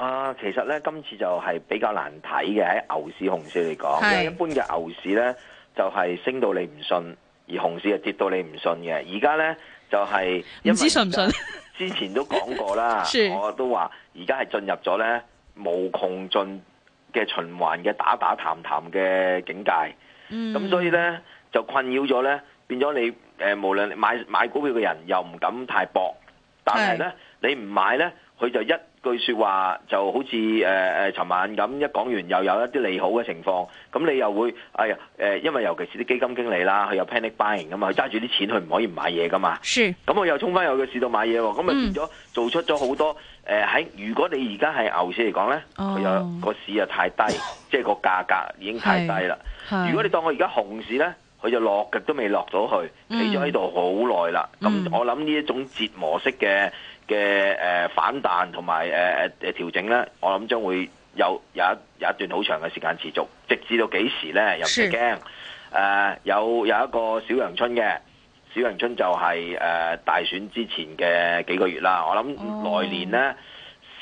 啊，其實咧，今次就係比較難睇嘅喺牛市、熊市嚟講。是一般嘅牛市咧，就係、是、升到你唔信，而熊市就跌到你唔信嘅。而家咧就係、是、唔知信唔信。之前都講過啦， 嗯、我都話，而家係進入咗咧無窮盡嘅循環嘅打打談談嘅境界。咁所以咧就困擾咗咧，變咗你誒、呃，無論你買買股票嘅人又唔敢太搏，但係咧是是你唔買咧。佢就一句説話就好似誒誒，尋、呃、晚咁一講完，又有一啲利好嘅情況，咁你又會，哎、嗯、呀，誒、嗯，因為尤其是啲基金經理啦，佢有 panic buying 噶嘛，佢揸住啲錢，佢唔可以唔買嘢噶嘛。是。咁我又衝翻入去市度買嘢喎，咁咪變咗做出咗好多誒，喺如果你而家係牛市嚟講咧，佢有個市又太低，即係個價格已經太低啦。如果你當我而家熊市咧，佢就落極都未落咗去，企咗喺度好耐啦。咁我諗呢一種折磨式嘅。嘅誒、呃，反彈同埋誒誒調整咧，我諗將會有有一有一段好長嘅時間持續，直至到幾時咧又唔使驚誒有有一個小陽春嘅小陽春就係、是、誒、呃、大選之前嘅幾個月啦。我諗來年咧、哦、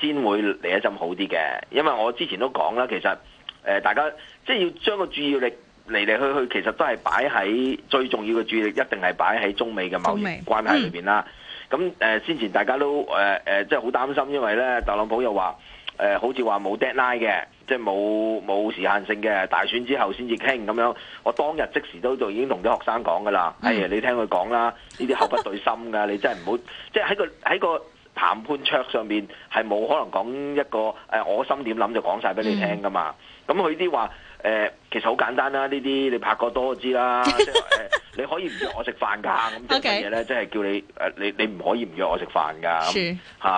先會嚟一陣好啲嘅，因為我之前都講啦，其實誒、呃、大家即係要將個注意力嚟嚟去去，其實都係擺喺最重要嘅注意力，一定係擺喺中美嘅貿易關係裏邊啦。嗯咁誒、呃，先前大家都誒誒，即係好擔心，因為咧，特朗普又話誒、呃，好似話冇 deadline 嘅，即係冇冇時限性嘅大選之後先至傾咁樣。我當日即時都就已經同啲學生講噶啦，嗯、哎你聽佢講啦，呢啲口不對心噶，你真係唔好， 即係喺個喺個談判桌上面，係冇可能講一個誒、呃，我心點諗就講晒俾你聽噶嘛。咁佢啲話。誒，其實好簡單啦，呢啲你拍過多知啦、 呃。你可以唔約我食飯噶，咁啲乜嘢咧，即係叫你誒，你你唔可以唔約我食飯噶，吓、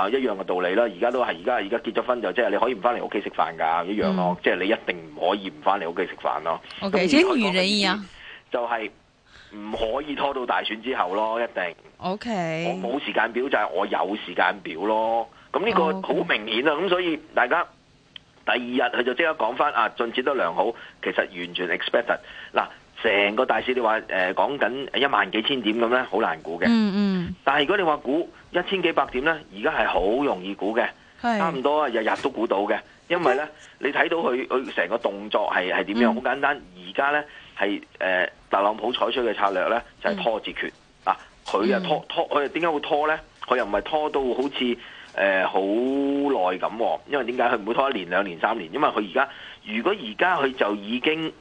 嗯、一樣嘅道理啦。而家都係，而家而家結咗婚就即、是、係你可以唔返嚟屋企食飯噶，一樣咯。即係、嗯、你一定唔可以唔返嚟屋企食飯咯。OK，即係、就是、如你一、啊、樣，就係唔可以拖到大選之後咯，一定。OK，我冇時間表就係、是、我有時間表咯。咁呢個好明顯啊，咁、oh, okay. 所以大家。第二日佢就即刻講翻啊，進展得良好，其實完全 expected 嗱，成個大市你話誒、呃、講緊一萬幾千點咁咧，好難估嘅、嗯。嗯嗯。但係如果你話估一千幾百點咧，而家係好容易估嘅，是差唔多日日都估到嘅。因為咧，你睇到佢佢成個動作係係點樣？好、嗯、簡單，而家咧係誒特朗普採取嘅策略咧，就係、是、拖字訣啊！佢又拖拖，佢點解會拖咧？佢又唔係拖到好似。誒，好耐咁，因為點解佢唔會拖一年、兩年、三年？因為佢而家如果而家佢就已經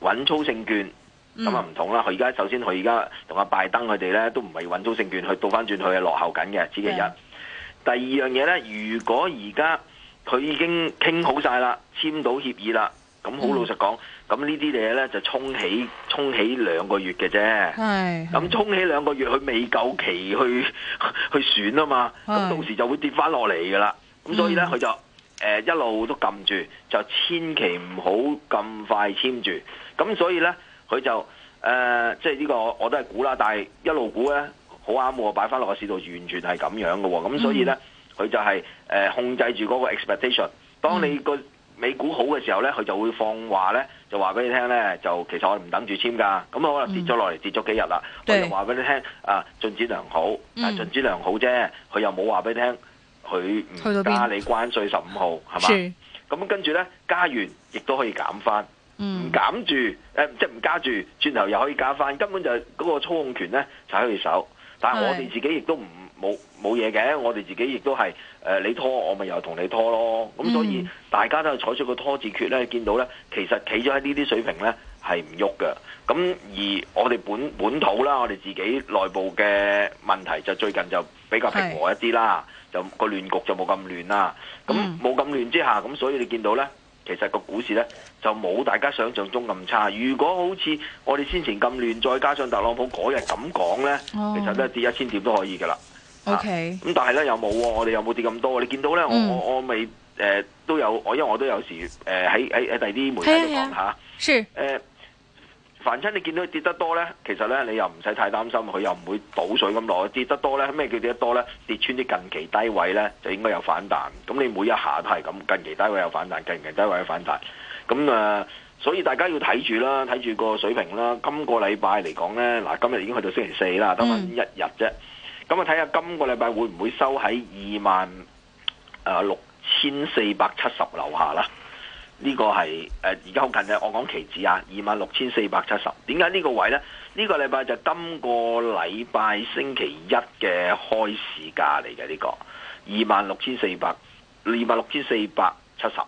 穩操勝券，咁啊唔同啦。佢而家首先佢而家同阿拜登佢哋咧都唔係穩操勝券，去倒翻轉佢係落後緊嘅，此其一。第二樣嘢咧，如果而家佢已經傾好晒啦，簽到協議啦。咁好，嗯、老實講，咁呢啲嘢咧，就沖起沖起兩個月嘅啫。係。咁沖起兩個月，佢未夠期去去選啊嘛。咁是到時就會跌翻落嚟噶啦。咁所以咧，佢，嗯，就誒、呃、一路都撳住，就千祈唔好咁快簽住。咁所以咧，佢就誒、呃、即係呢個我都係估啦。但係一路估咧，好啱喎！擺翻落個市度完全係咁樣噶。咁所以咧，佢，嗯，就係、是、誒、呃、控制住嗰個 expectation。當你個美股好嘅時候咧，佢就會放話咧，就話俾你聽咧，就其實我哋唔等住簽㗎，咁啊可能跌咗落嚟，跌咗幾日啦，mm, 我又話俾你聽，啊進展良好，啊進展良好啫，佢又冇話俾你聽，佢唔加你關稅十五號係嘛？咁跟住咧加完，亦都可以減翻，唔、mm, 減住，誒即係唔加住，轉頭又可以加翻，根本就係嗰個操控權咧踩喺佢手，但係我哋自己亦都唔冇冇嘢嘅，我哋自己亦都係。誒、呃、你拖我咪又同你拖咯，咁所以大家都係採取個拖字訣咧。你見到咧，其實企咗喺呢啲水平咧係唔喐嘅。咁而我哋本本土啦，我哋自己內部嘅問題就最近就比較平和一啲啦，是就個亂局就冇咁亂啦。咁冇咁亂之下，咁、嗯、所以你見到咧，其實個股市咧就冇大家想象中咁差。如果好似我哋先前咁亂，再加上特朗普嗰日咁講咧，哦、其實都係跌一千點都可以㗎啦。O K，咁但係咧又冇，我哋又冇跌咁多。你見到咧，我我我未誒都有，我因為我都有時誒喺喺喺第啲媒體度講下，誒凡親你見到跌得多咧，其實咧你又唔使太擔心，佢又唔會倒水咁落。跌得多咧咩叫跌得多咧？跌穿啲近期低位咧就應該有反彈。咁你每一下都係咁，近期低位有反彈，近期低位有反彈。咁啊，所以大家要睇住啦，睇住個水平啦。今個禮拜嚟講咧，嗱今日已經去到星期四啦，等翻一日啫。咁我睇下今個禮拜會唔會收喺二萬六千四百七十樓下啦？呢個係誒而家好近嘅，我講期指啊，二萬六千四百七十。點解呢個位呢？呢個禮拜就今個禮拜星期一嘅開市價嚟嘅呢個二萬六千四百，二萬六千四百七十。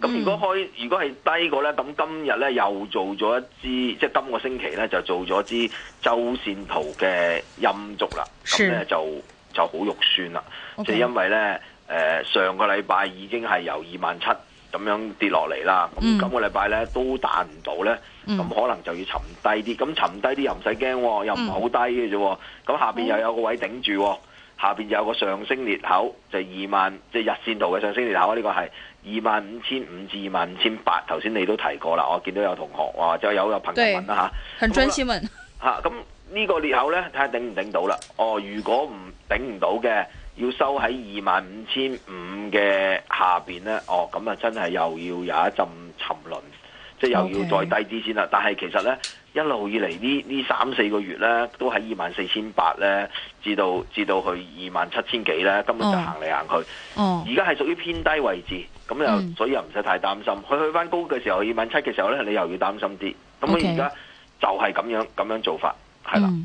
咁、嗯、如果開如果係低過咧，咁今日咧又做咗一支，即係今個星期咧就做咗支周線圖嘅陰燭啦。咁咧是就就好肉酸啦。即係 Okay. 因為咧，誒、呃、上個禮拜已經係由二萬七咁樣跌落嚟啦。咁、嗯、今個禮拜咧都彈唔到咧，咁、嗯、可能就要沉低啲。咁沉低啲又唔使驚，又唔好低嘅啫、哦。咁、嗯嗯、下邊又有個位頂住喎、哦。下邊有個上升裂口，就二萬即係日線圖嘅上升裂口，呢個係二萬五千五至二萬五千八。頭先你都提過啦，我見到有同學話，就有有朋友問啦吓，對啊、很專心問吓。咁呢個裂口呢？睇下頂唔頂到啦。哦，如果唔頂唔到嘅，要收喺二萬五千五嘅下邊呢。哦，咁啊真係又要有一陣沉淪，即係又要再低啲先啦。Okay. 但係其實呢。一路以嚟呢呢三四個月呢，都喺二萬四千八呢，至到至到去二萬七千幾呢，根本就行嚟行去。而家係屬於偏低位置，咁又、mm. 所以又唔使太擔心。佢去翻高嘅時候，二萬七嘅時候呢，你又要擔心啲。咁佢而家就係咁樣咁 Okay. 樣做法，係啦。Mm.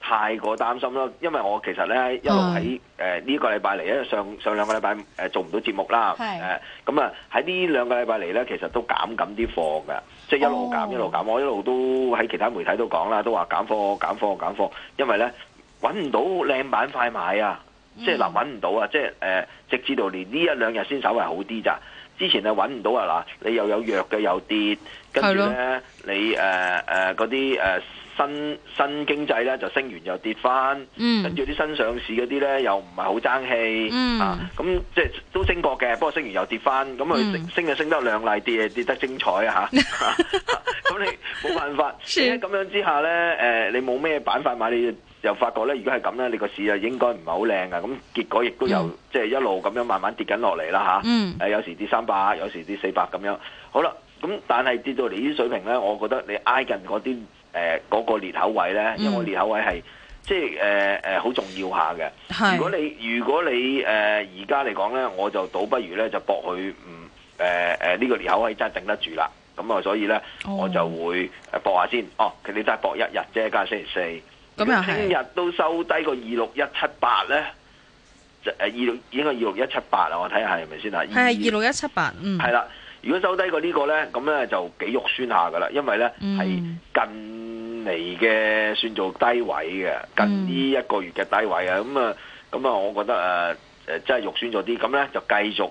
太過擔心咯，因為我其實咧一路喺誒呢個禮拜嚟，因為上上兩個禮拜誒做唔到節目啦，誒咁啊喺呢兩個禮拜嚟咧，其實都減緊啲貨㗎，即係一路減、哦、一路減。我一路都喺其他媒體都講啦，都話減貨減貨減貨，因為咧揾唔到靚板塊買啊，即係嗱揾唔到啊，即係誒、呃、直至到連呢一兩日先稍為好啲咋，之前啊揾唔到啊嗱，你又有弱嘅有跌，跟住咧你誒誒嗰啲誒。新新經濟咧就升完又跌翻，跟住啲新上市嗰啲咧又唔係好爭氣、嗯、啊！咁、嗯嗯、即係都升過嘅，不過升完又跌翻，咁、嗯、佢、嗯、升就升得靚麗啲跌，跌得精彩啊！嚇、 啊，咁你冇辦法咁 樣之下咧，誒、呃，你冇咩板塊買，你又發覺咧，如果係咁咧，你個市就應該唔係好靚嘅。咁、啊、結果亦都有，即係、嗯、一路咁樣慢慢跌緊落嚟啦嚇，誒、啊啊嗯，有時跌三百，有時跌四百咁樣。好啦，咁但係跌到嚟呢啲水平咧，我覺得你挨近嗰啲。誒嗰、呃那個裂口位咧，因為個裂口位係、嗯、即係誒誒好重要下嘅。如果你如果你誒而家嚟講咧，我就倒不如咧就搏佢唔誒誒呢個裂口位真係頂得住啦。咁啊，所以咧、哦、我就會誒搏下先。哦、啊，佢哋真係搏一日啫，今日星期四。咁又係。聽日都收低個二六一七八咧，誒二六應該二六一七八啊！我睇下係咪先啊。係二六一七八，嗯 yeah 的。係啦。如果收低過呢個呢，咁呢就幾肉酸下噶啦，因為呢，係、嗯、近嚟嘅算做低位嘅，近呢一個月嘅低位啊，咁啊、嗯，咁啊、嗯嗯，我覺得誒誒、呃、真係肉酸咗啲，咁、嗯、呢就繼續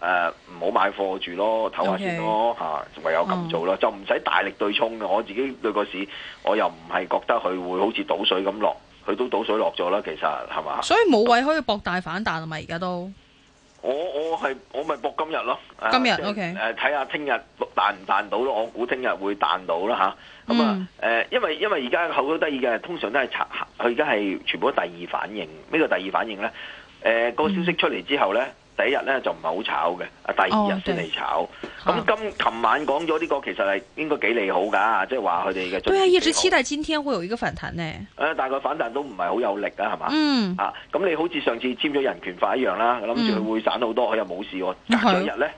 誒唔好買貨住咯，唞下先咯吓 Okay,、啊，唯有咁做啦，嗯、就唔使大力對沖嘅，我自己對個市，我又唔係覺得佢會好似倒水咁落，佢都倒水落咗啦，其實係嘛？所以冇位可以博大反彈啊嘛，而家都。我我係我咪搏今日咯，今日 OK，誒睇下聽日彈唔彈到咯，我估聽日會彈到啦吓，咁啊誒，因為因為而家好都得意嘅，通常都係炒，佢而家係全部都第二反應，咩叫第二反應咧？誒、呃，個消息出嚟之後咧。嗯第一日咧就唔係好炒嘅，啊第二日先嚟炒。咁今琴晚講咗呢個，其實係應該幾利好㗎，即係話佢哋嘅進口。對啊，一直期待今天會有一個反彈呢。誒，但係個反彈都唔係好有力、嗯、啊，係嘛？嗯。啊，咁你好似上次簽咗人權法一樣啦，諗住佢會散好多，佢又冇事喎。隔咗日咧，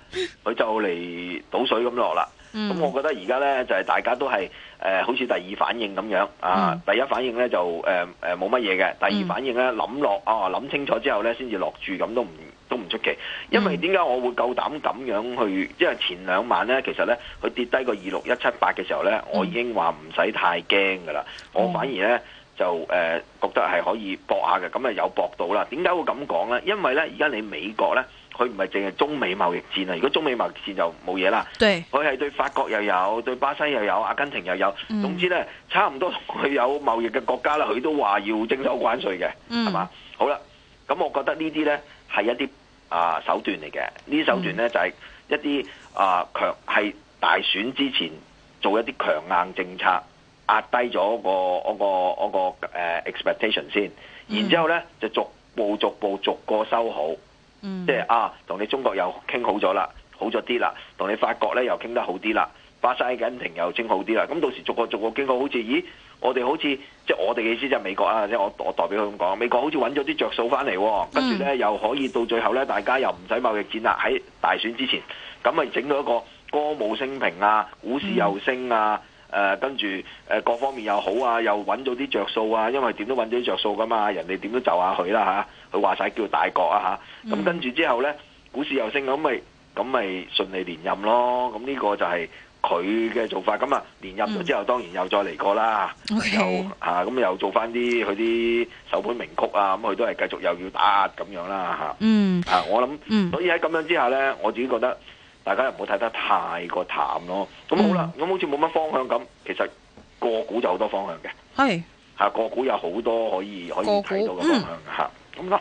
佢的就嚟倒水咁落啦。咁、嗯嗯、我覺得而家咧就係、是、大家都係誒、呃，好似第二反應咁樣啊。第一反應咧就誒誒冇乜嘢嘅，第二反應咧諗落啊諗清楚之後咧先至落住，咁都唔。都唔出奇，因為點解我會夠膽咁樣去？因為前兩晚呢，其實呢，佢跌低個二六一七八嘅時候呢，我已經話唔使太驚㗎啦。嗯、我反而呢，就誒、呃、覺得係可以搏下嘅，咁啊有搏到啦。點解會咁講呢？因為呢，而家你美國呢，佢唔係淨係中美貿易戰啊。如果中美貿易戰就冇嘢啦，佢係對，對法國又有，對巴西又有，阿根廷又有，總之呢，嗯、差唔多佢有貿易嘅國家啦，佢都話要徵收關稅嘅，係嘛、嗯？好啦，咁我覺得呢啲呢，係一啲。啊手段嚟嘅，呢啲手段呢就係、是、一啲啊強喺大選之前做一啲強硬政策，壓低咗、嗰個嗰、嗰個、嗰個誒、嗰個、expectation 先，然之後呢就逐步逐步逐個收好，即係啊同你中國又傾好咗啦，好咗啲啦，同你法國呢又傾得好啲啦，巴西阿根廷又傾好啲啦，咁到時逐個逐個傾好，好似咦？我哋好似即係我哋嘅意思，即係美國啊！即係我我代表佢咁講，美國好似揾咗啲着數翻嚟，跟住咧又可以到最後咧，大家又唔使貿易戰啦。喺大選之前，咁咪整到一個歌舞升平啊，股市又升啊，誒跟住誒各方面又好啊，又揾咗啲着數啊，因為點都揾咗啲着數噶嘛，人哋點都就下佢啦吓，佢話晒叫大國啊吓，咁跟住之後咧，股市又升咁咪咁咪順利連任咯，咁呢個就係。佢嘅做法咁啊，連入咗之後，嗯、當然又再嚟過啦，Okay. 又嚇咁、啊嗯嗯、又做翻啲佢啲首本名曲啊，咁佢都係繼續又要打壓咁樣啦嚇。嗯，啊，嗯、啊我諗，嗯、所以喺咁樣之下咧，我自己覺得大家又唔好睇得太過淡咯。咁、啊、好啦，咁、嗯、好似冇乜方向咁，其實個股就好多方向嘅，係嚇是、啊、個股有好多可以可以睇到嘅方向嚇，咁咯。嗯嗯嗯啊嗯嗯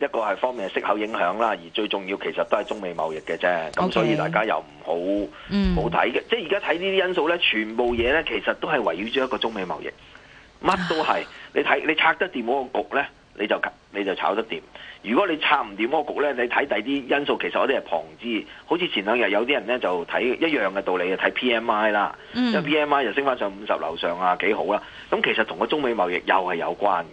一個係方面係息口影響啦，而最重要其實都係中美貿易嘅啫。咁所以大家又唔好 Okay. 唔好睇嘅，mm. 即係而家睇呢啲因素咧，全部嘢咧其實都係圍繞住一個中美貿易，乜都係。 你睇你拆得掂嗰個局咧，你就你就炒得掂。如果你拆唔掂嗰個局咧，你睇第啲因素其實我哋係旁支。好似前兩日有啲人咧，就睇一樣嘅道理就睇 P M I 啦，因為、mm. P M I 就升翻上五十樓上啊，幾好啦、啊。咁其實同個中美貿易又係有關嘅，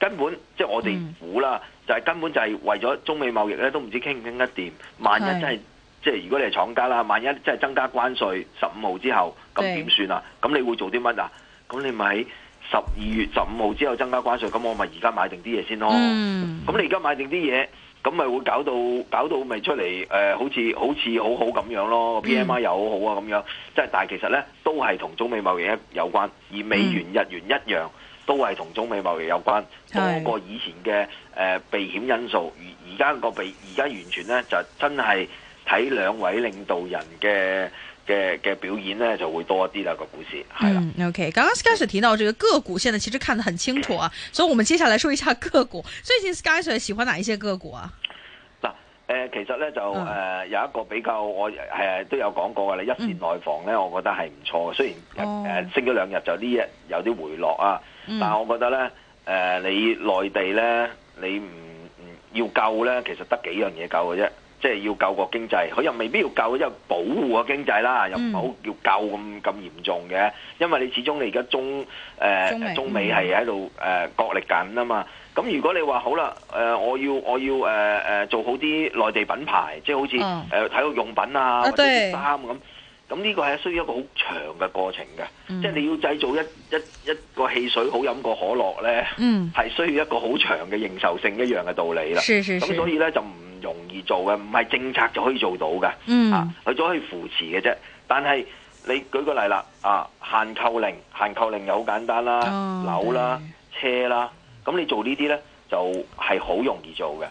根本即係我哋估啦。Mm. 就係根本就係為咗中美貿易咧，都唔知傾唔傾得掂。萬一真係是即係如果你係廠家啦，萬一真係增加關稅十五號之後，咁點算啊？咁是你會做啲乜啊？咁你咪喺十二月十五號之後增加關稅，咁我咪而家買定啲嘢先咯。咁、嗯、你而家買定啲嘢，咁咪會搞到搞到咪出嚟？誒、呃，好似好似好好咁樣咯，PMI、嗯、又好好啊，咁樣。即係但係其實咧，都係同中美貿易有關，而美元日元、嗯、一樣。都係同中美貿易有關，多過以前嘅誒、呃、避險因素。而而家個避而家完全咧就真係睇兩位領導人嘅嘅嘅表演咧就會多一啲啦、這個故事係啦、嗯。OK，剛剛士佳提到這個個股，現在其實看得很清楚啊， 所以，我們接下來說一下個股。最近士佳喜歡哪一些個股啊？誒、呃、其實咧就誒、oh. 呃、有一個比較，我係都有講過嘅啦。一線內房咧，mm. 我覺得係唔錯嘅。雖然誒、oh. 呃、升咗兩日，就呢日有啲回落啊。Mm. 但係我覺得咧，誒、呃、你內地咧，你唔唔要救咧，其實得幾樣嘢救嘅啫。即係要救個經濟，佢又未必要救，因為保護個經濟啦，mm. 又唔好叫救咁咁嚴重嘅。因為你始終你而家中誒、呃、中美係喺度誒角力緊啊嘛。嗯咁如果你話好啦，誒、呃，我要我要誒誒、呃、做好啲內地品牌，即係好似誒、uh. 呃、體育用品啊，或者衫咁、啊，咁呢、uh, 對個係需要一個好長嘅過程嘅，嗯、即係你要製造一一一,一個汽水好飲過可樂咧，係、嗯、需要一個好長嘅認受性一樣嘅道理啦。咁所以咧就唔容易做嘅，唔係政策就可以做到嘅，啊，佢只可以扶持嘅啫。但係你舉個例啦，啊，限購令，限購令又好簡單啦，樓啦，oh, 對車啦。啊啊咁你做呢啲呢，就係好容易做嘅，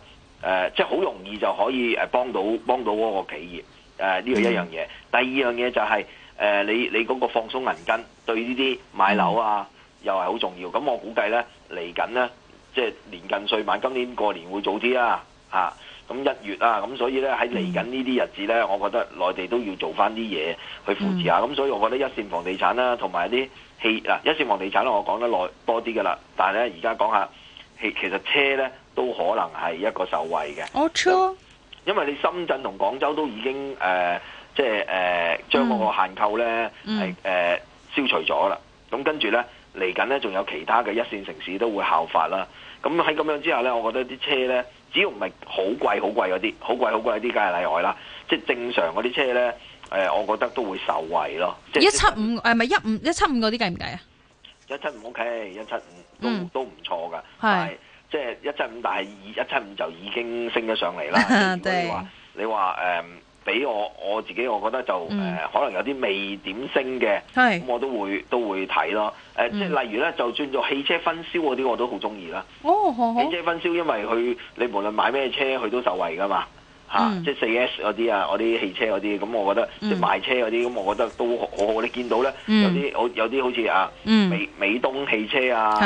誒，即係好容易就可以誒幫到幫到嗰個企業，誒呢個一樣嘢。第二樣嘢就係誒你你嗰個放鬆銀根對呢啲買樓啊又係好重要。咁我估計呢，嚟緊呢，即係年近歲晚，今年過年會早啲啦，嚇。咁一月啊，咁所以咧喺嚟緊呢啲日子咧，嗯、我覺得內地都要做翻啲嘢去扶持下。咁、嗯、所以我覺得一線房地產啦、啊，同埋啲汽嗱，一線房地產咧我講得耐多啲嘅啦。但係咧而家講下汽，其實車咧都可能係一個受惠嘅。哦，車，因為你深圳同廣州都已經誒、呃，即係誒將嗰個限購咧係誒消除咗啦。咁跟住咧嚟緊咧，仲有其他嘅一線城市都會效法啦。咁喺咁樣之下呢，我覺得啲車呢，只要唔係好貴好貴嗰啲，好貴好貴啲梗係例外啦。即係正常嗰啲車呢，誒、呃，我覺得都會受惠咯。即一七五係咪一五一七五嗰啲計唔計啊？一七五,五 O、okay, K，一七五都、嗯、都唔錯噶，係是即係一七五，但係一七五就已經升咗上嚟啦。即 對你話你俾我，我自己，我覺得就誒可能有啲未點升嘅，咁我都會都會睇咯。誒即係例如咧，就算做汽車分銷嗰啲，我都好中意啦。哦，汽車分銷，因為佢你無論買咩車，佢都受惠噶嘛。嚇，即係 4S 嗰啲啊，嗰啲汽車嗰啲，咁我覺得即係賣車嗰啲，咁我覺得都好，我我哋見到咧，有啲好有啲好似啊美美東汽車啊，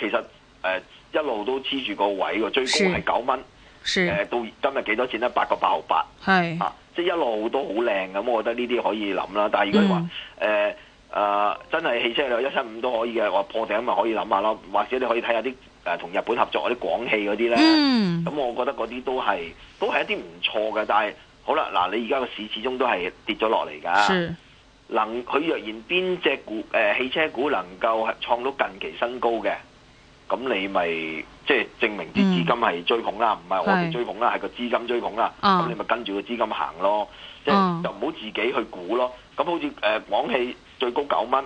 其實誒一路都黐住個位喎，最高係九蚊，誒到今日幾多錢咧？八個八毫八。係啊。即一路都好靚咁，我覺得呢啲可以諗啦。但係如果話誒誒真係汽車兩一三五都可以嘅，話破頂咪可以諗下咯。或者你可以睇下啲誒同日本合作嗰啲廣汽嗰啲咧。咁、mm. 嗯、我覺得嗰啲都係都係一啲唔錯嘅。但係好啦，嗱、呃、你而家個市始終都係跌咗落嚟㗎。是能佢若然邊隻股誒、呃、汽車股能夠創到近期新高嘅？咁你咪即係證明啲資金係追捧啦，唔係、嗯、我哋追捧啦，係個的資金追捧啦。咁、啊、你咪跟住個資金行咯，即係、啊、就唔好自己去估咯。咁好似誒廣汽最高九蚊，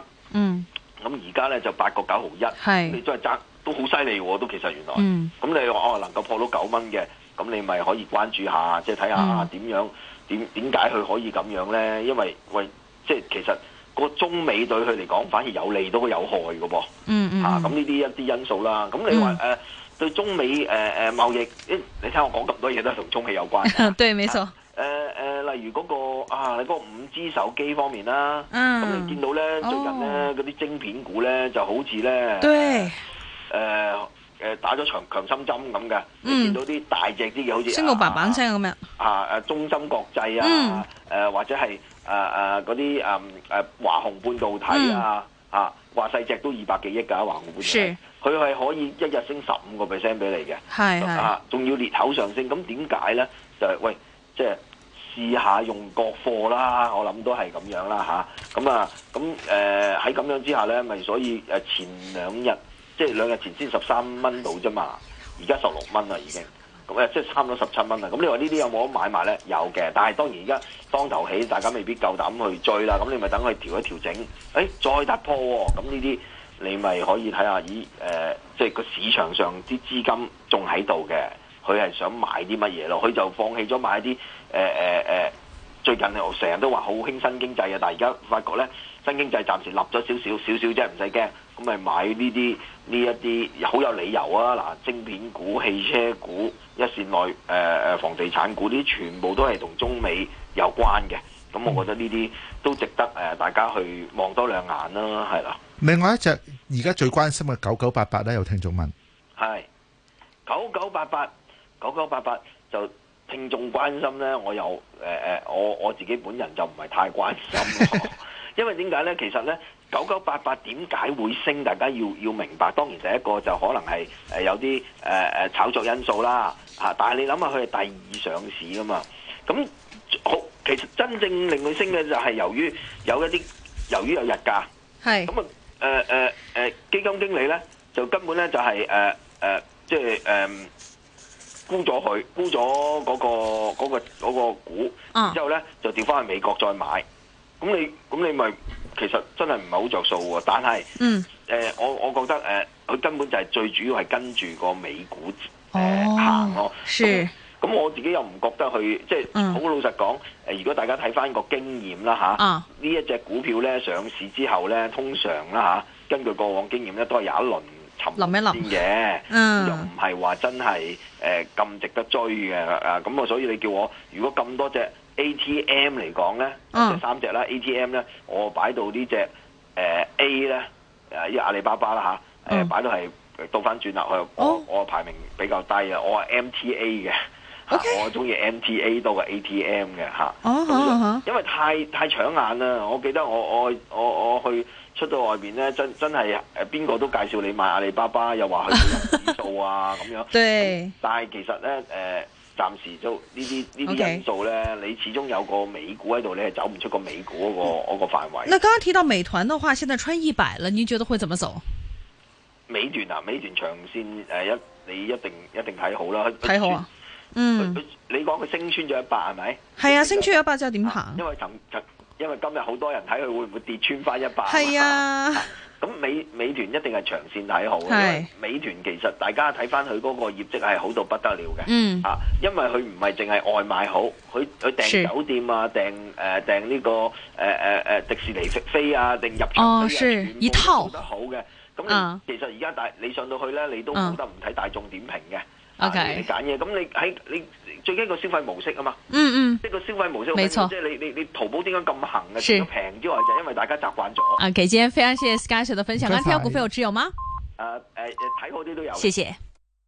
咁而家咧就八個九毫一，你真都係爭都好犀利喎，都其實原來。咁、嗯、你話哦能夠破到九蚊嘅，咁你咪可以關注下，即係睇下點、嗯、樣點點解佢可以咁樣咧？因為喂，即係其實。其實個中美對佢嚟講反而有利都好有害嘅噃，嗯嗯，吓，咁呢啲一啲因素啦。咁你話誒對中美誒誒貿易，你睇我講咁多嘢都係同中美有關。嗯，對，冇錯。誒誒，例如嗰個啊，你嗰個 5G 手機方面啦，咁你見到咧最近咧嗰啲晶片股咧就好似咧，對，誒誒打咗強強心針咁嘅，你見到啲大隻啲嘅好似升到白板聲咁樣，啊啊，中芯國際啊，誒或者係。誒誒嗰啲誒誒華虹半導體啊嚇，話細隻都二百幾億㗎華虹半導體，佢係是可以一日升十五個 percent 俾你嘅，係係是，仲、啊、要裂口上升，咁點解咧？就係喂，即係試下用國貨啦，我諗都係咁樣啦吓，咁啊，咁誒喺咁樣之下咧，咪所以誒前兩日即係、就是、兩日前先十三蚊度啫嘛，而家十六蚊啦已經。即係差唔多十七蚊啦。咁你話呢啲有冇得買賣呢？有嘅，但係當然而家當頭起，大家未必夠膽去追啦。咁你咪等佢調一調整，誒、哎、再突破喎。咁呢啲你咪可以睇下，咦？誒、呃，即係個市場上啲資金仲喺度嘅，佢係想買啲乜嘢咯？佢就放棄咗買啲誒誒誒，最近成日都話好興新經濟啊，但係而家發覺呢。新經濟暫時立咗少少少少啫，唔使驚。咁咪買呢啲呢一啲好有理由啊！嗱，芯片股、汽車股、一線內誒誒、呃、房地產股，啲全部都係同中美有關嘅。咁我覺得呢啲都值得誒、呃、大家去望多兩眼啦，係啦。另外一隻而家最關心嘅九九八八咧，有聽眾問。係，九九八八九九八八就聽眾關心咧，我又誒誒、呃，我我自己本人就唔係太關心。 因為點解咧？其實咧，九九八八點解會升？大家要要明白。當然，第一個就可能係誒、呃、有啲誒誒炒作因素啦，吓、啊。但係你諗下，佢係第二上市噶嘛？咁、啊、好，其實真正令佢升嘅就係由於有一啲，由於有日價係咁啊！誒誒誒，基金經理咧就根本咧就係誒誒，即係誒沽咗佢，沽咗嗰、嗰個、嗰個、嗰個股，之後咧就調翻去美國再買。咁你咁你咪其實真係唔係好着數喎？但係誒，我我覺得誒，佢根本就係最主要係跟住個美股誒行咯。咁我自己又唔覺得佢，即係好老實講誒。如果大家睇翻個經驗啦嚇，呢一隻股票咧上市之後咧，通常啦嚇，根據過往經驗咧，都係有一輪尋覓先嘅，又唔係話真係誒咁值得追嘅。誒咁啊，所以你叫我如果咁多隻？A T M 嚟講咧，三隻啦 A T M 咧，我擺到隻、uh, 呢隻誒 A 咧，誒依阿里巴巴啦吓，誒、啊、擺、啊 uh, 到係倒翻轉啦，我我排名比較低 okay.、uh, uh, 啊，我係 M T A 嘅，我中意 M T A 多過 A T M 嘅吓，因為太太搶眼啦，我記得我我我我去出到外邊咧，真真係誒邊個都介紹你買阿里巴巴，又話佢指數啊咁樣， 對但係其實咧誒。呃暫時都呢啲呢啲因素咧，Okay. 你始終有個美股喺度，你係走唔出個美股嗰、那個嗰、嗯、個範圍。那剛剛提到美團嘅話，現在穿一百了，你覺得會怎麼走？美團啊，美團長線誒、呃，一你一定一定睇好啦，睇好啊，嗯，呃、你講佢升穿咗一百係咪？係啊，升穿咗一百之後點行、啊？因為因為今日好多人睇佢會唔會跌穿翻一百？係是啊，啊，咁美美團一定係長線睇好嘅。是美團其實大家睇翻佢嗰個業績係好到不得了嘅。嗯，嚇、啊，因為佢唔係淨係外賣好，佢佢訂酒店啊，是訂誒、呃、訂呢、這個誒誒誒迪士尼食飛啊，訂入場都係、哦、全部做得好嘅。咁其實而家大你上到去咧，你都冇得唔睇大眾點評嘅。嗯 O.K. 你揀嘢，咁你喺你最緊個消費模式啊嘛，嗯嗯，即係個消費模式，冇錯錯，即係你你你淘寶點解咁行嘅、啊？除咗平之外，就因為大家習慣咗。啊，謝謝非常謝謝 SkySir 嘅分享。阿采天，股票有持有嗎？誒誒誒，睇、呃、好啲都有。謝謝。